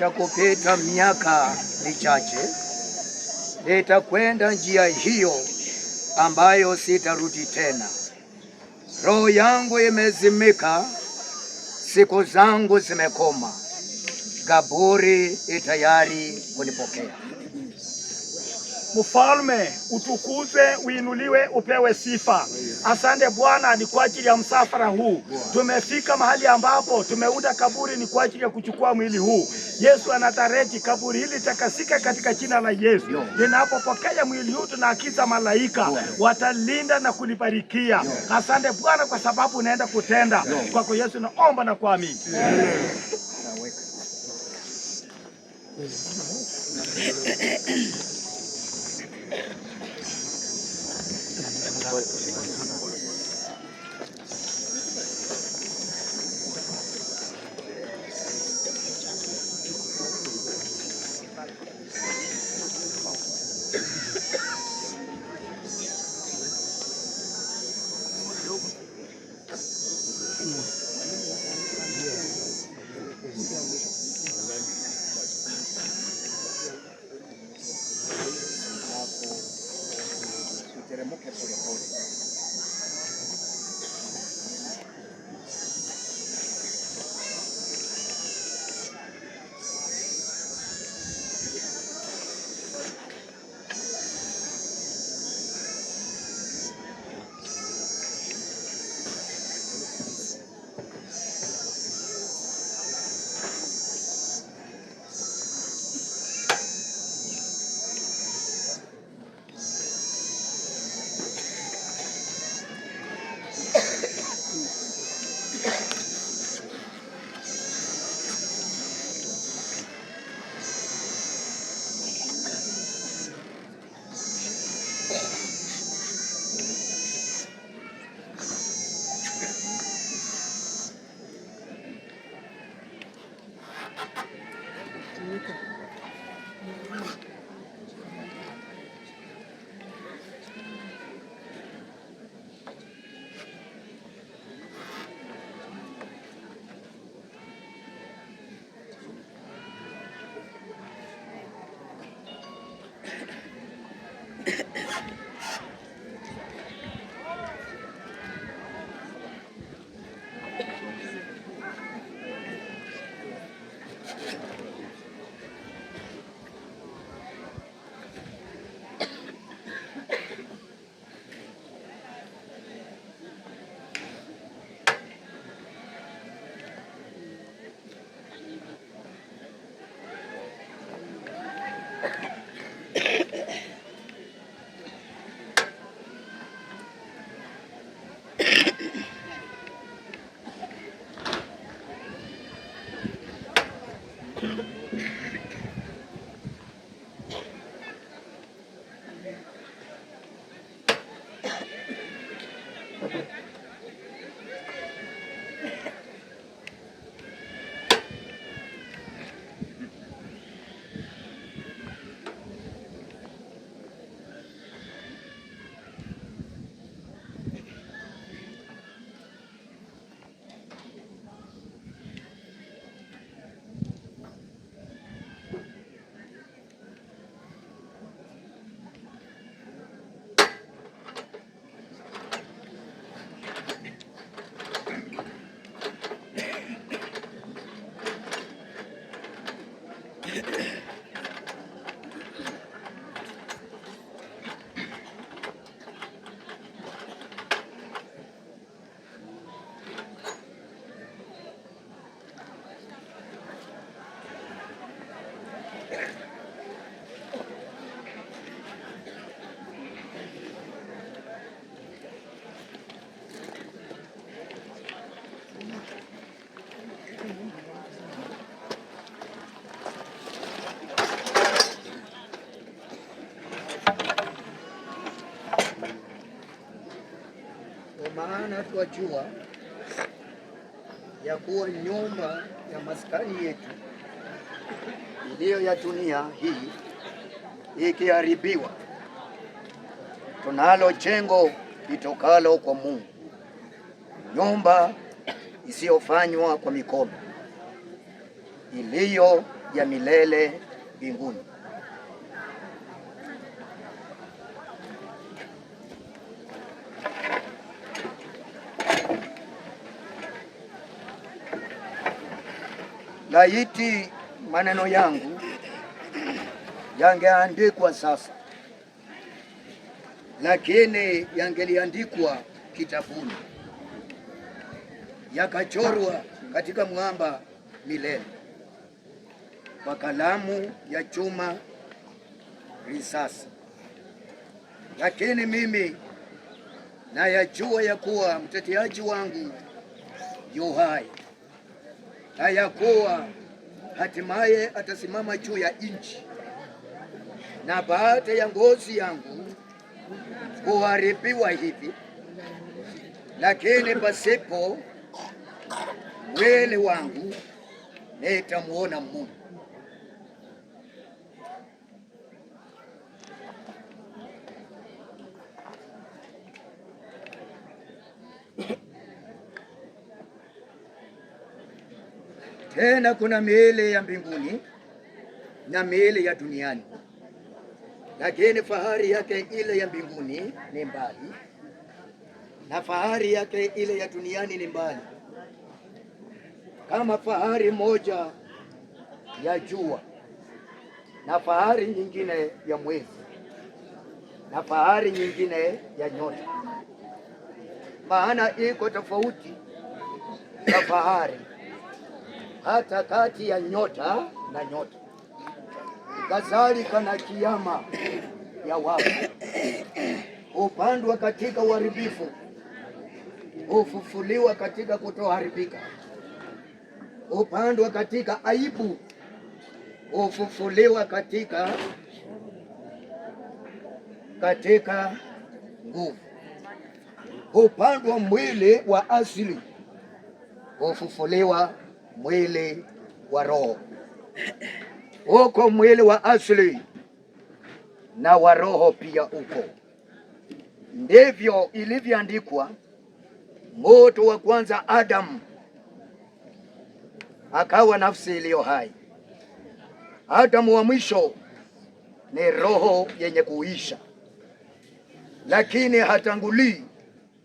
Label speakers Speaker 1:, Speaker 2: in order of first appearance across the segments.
Speaker 1: Ishakopeta miaka michache, nitakwenda njia hiyo ambayo sitarudi tena. Roho yangu imezimika, siku zangu zimekoma, kaburi itayari kunipokea.
Speaker 2: Mfalme utukuzwe, uinuliwe, upewe sifa. Asante Bwana, ni kwa ajili ya msafara huu. Tumefika mahali ambapo tumeunda kaburi, ni kwa ajili ya kuchukua mwili huu. Yesu anatareti kaburi hili takasika katika jina la Yesu. Linapopokea mwili huu, tunaakiza malaika watalinda na kulibarikia. Asante Bwana kwa sababu unaenda kutenda. Kwako Yesu naomba na kuamini. Thank you. Thank you.
Speaker 3: maana ya kuwa nyumba ya maskani yetu iliyo ya dunia hii ikiharibiwa, tunalo jengo litokalo kwa Mungu, nyumba isiyofanywa kwa mikono, iliyo ya milele mbinguni. Laiti maneno yangu yangeandikwa sasa, lakini yangeliandikwa kitabuni, yakachorwa katika mwamba milele kwa kalamu ya chuma risasi, lakini mimi nayajua ya kuwa mteteaji wangu yu hai na hatimaye atasimama juu ya nchi, na baada ya ngozi yangu kuharibiwa hivi, lakini pasipo mwili wangu nitamwona Mungu. tena kuna miili ya mbinguni na miili ya duniani, lakini fahari yake ile ya mbinguni ni mbali na fahari yake ile ya duniani ni mbali, kama fahari moja ya jua na fahari nyingine ya mwezi na fahari nyingine ya nyota, maana iko tofauti na fahari hata kati ya nyota na nyota, kadhalika na kiama ya wafu hupandwa katika uharibifu, hufufuliwa katika kutoharibika, hupandwa katika aibu, hufufuliwa katika katika nguvu, hupandwa mwili wa asili, hufufuliwa mwili wa roho. Uko mwili wa asili na wa roho pia uko. Ndivyo ilivyoandikwa, mtu wa kwanza Adamu akawa nafsi iliyo hai. Adamu wa mwisho ni roho yenye kuisha, lakini hatangulii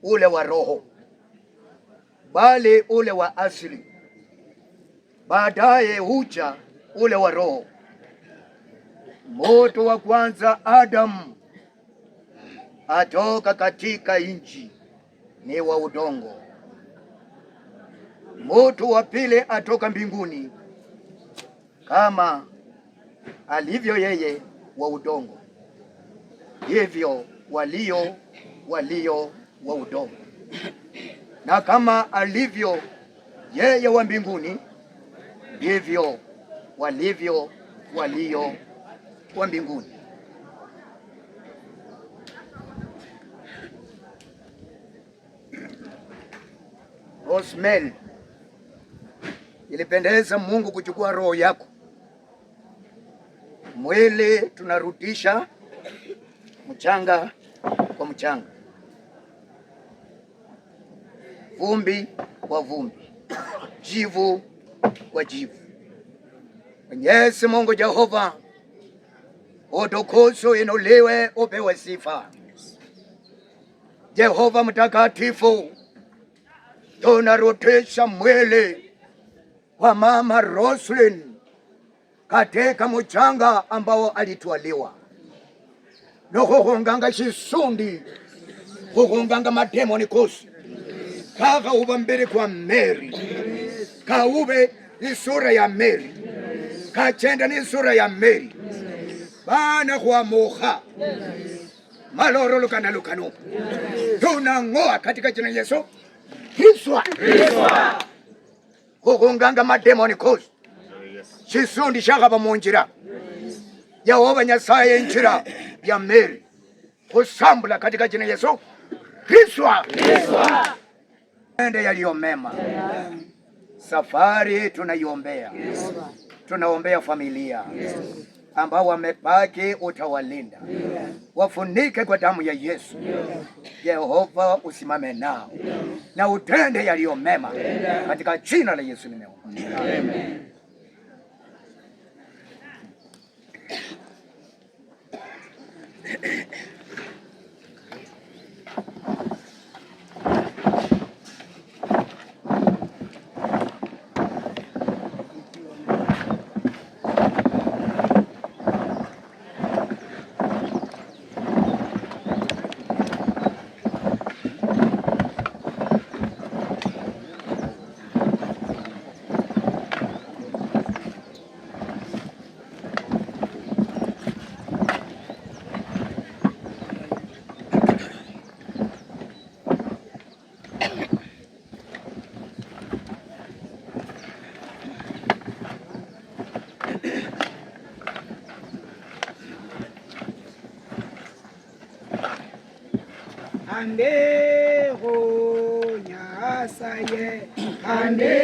Speaker 3: ule wa roho, bali ule wa asili baadaye huja ule wa roho. Moto wa kwanza Adamu atoka katika nchi ni wa udongo. Moto wa pili atoka mbinguni kama alivyo yeye wa udongo, hivyo walio walio wa udongo, na kama alivyo yeye wa mbinguni ndivyo walivyo walio wa mbinguni. Rosemary, ilipendeza Mungu kuchukua roho yako. Mwili tunarudisha mchanga kwa mchanga, vumbi kwa vumbi, jivu wajibu. Mwenyezi Mungu Jehova, utukufu inuliwe, upewe sifa. Jehova mtakatifu, tunarutisha mwili wa mama Roslyn katika mchanga ambao alitwaliwa nohuhunganga shisundi huhunganga mademoni kosi kaka uva mbili kwa Meri Kaube ni sura ya Meri Kachenda ni sura ya Meri Bana kwa moha yes. Maloro lukana lukano yes. Tunang'oa katika jina Yesu kiswa kukunganga mademoni kosi chisundi shakhava munjira Yehova Nyasaye njira ya Meri kusambula katika jina Yesu kiswa ende yaliyo mema yeah. Safari tunaiombea yes. Tunaombea familia yes. Ambao wamebaki utawalinda yes. Wafunike kwa damu ya Yesu yes. Jehova usimame nao yes. Na utende yaliyo mema yes. Katika jina la Yesu nimeomba Amen.
Speaker 4: ande ho nya ye ande